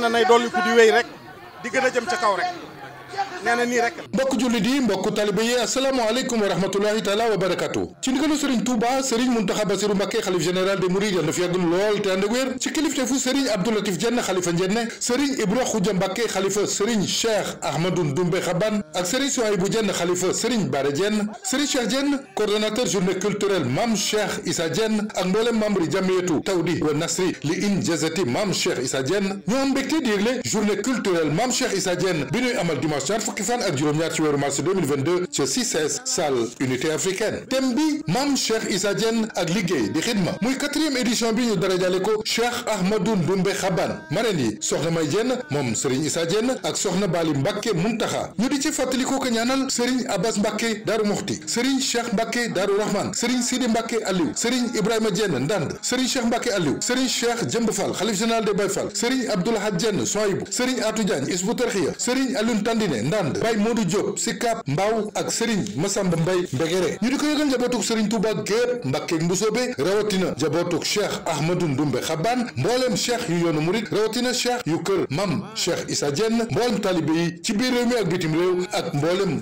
nee nay dolli ku di wéy rek di gën a jëm ca kaw rek nee na nii rek. mbokk jullit yi mbokk taliba yi asalaamaaleykum wa rahmatulahi taala wa barakatu ci ndigalu Serigne Touba Serigne Mountakha Bassirou Mbacké xalif général des Mourides yàlla na fi yàgg lool te ànd ak wér ci kilifteefu Serigne Abdou Latif Diène xalifa Ndiène Serigne Ibra Khoudia Mbacké xalifa Serigne Cheikh Ahmadou Ndoumbe Xaban ak Serigne Souhaïbou Diène xalifa Serigne Bara Diène Serigne Cheikh Diène coordonnateur journée culturelle Mame Cheikh Issa Diène ak membre yi jamiyatu tawdi wa nasri li in jazati Mame Cheikh Issa Diène ñoo am mbégte di yëgle journée culturelle Mame Cheikh Issa Diène bi ñuy amal dimanche fukki fan ak juróom-ñaar ci weeru mars 2022 ca CICES salle unité africaine thème bi maam Cheikh Issa Diène ak liggéey di xidma muy édition bi ñu darajale ko Cheikh Ahmadou Ndoumbe Xaban marraine yi soxna May Diène moom Serigne Issa Diène ak soxna Bali Mbacke Muntaxa ñu di ci fàttali ko ko ñaanal Serigne Abbas Mbacke Daaru Muxti Serigne Cheikh Mbacke Daaru Rahman Serigne Sidi Mbacke Aliou Serigne Ibrahima Diène Ndand Serigne Cheikh Mbacke Aliou Serigne Cheikh Jëmb Fall xalif général de Baye Fall Serigne Abdoulahad Diène Soaibou Serigne ànd Baye Modou Diop Sicap Mbao ak Serigne Massamba Mbaye Mbegere ñu di ko yëgal njabootuk Serigne Touba gépp Mbàkke ak Mbusoobe rawatina njabootuk Cheikh Ahmadou Ndoumbe Xabaan mbooleem cheikh yu yoonu murit rawatina cheikh yu kër mam Cheikh Issa Diène mbooleem ci biir réew mi ak bitim réew ak mbooleem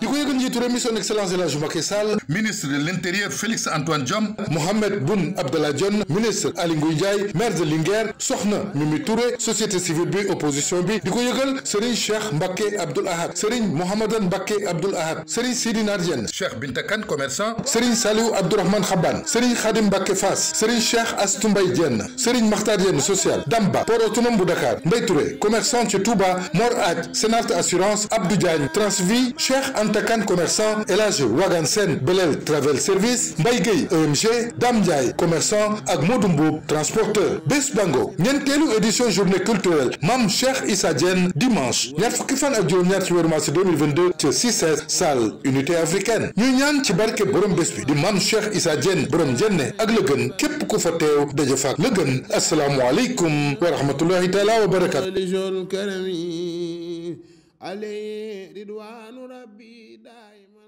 di ko yëgal njiitu réew mi son excellence El Hadji Macky Sall ministre de l'intérieur Félix Antoine Diome Mohamed Boun Abdallah Dionne ministre Aly Ngouille Ndiaye maire soxna Mimi Touré société civile bi opposition bi di ko yëgal Serigne Cheikh Mbacké Abdoul Ahad Serigne Mouhamadan Mbacké Abdoul Ahad Serigne Sidi Nardiène Cheikh Binta Kane commerçant Serigne Saliou Abdourahmane Khabbane Serigne Khadim Mbacké Fass Serigne Cheikh Astou Mbaye Diène Serigne Makhtar Diène social Damba port autonome bu Dakar Mbaye Touré commerçant ci Touba Mor Adj Sénat assurance Abdou Diagne Transvie Cheikh Anta Kane commerçant El Hadj Wagan Sen Belel Travel Service Mbaye Gueye EMG Dame Ndiaye commerçant ak Modou Mboub transporteur bés bango ñeenteelu édition journée culturelle Mame Cheikh Issa Diène dimanche ñaar fukki fan ak juróom-ñaar ci weeru mars 2022 ci 6 salle unité africaine ñu ñaan ci barke borom bés bi di maam Cheikh Issa jenne ak la gën ku fa teew daje fa la gën asalaamualeykum taala wa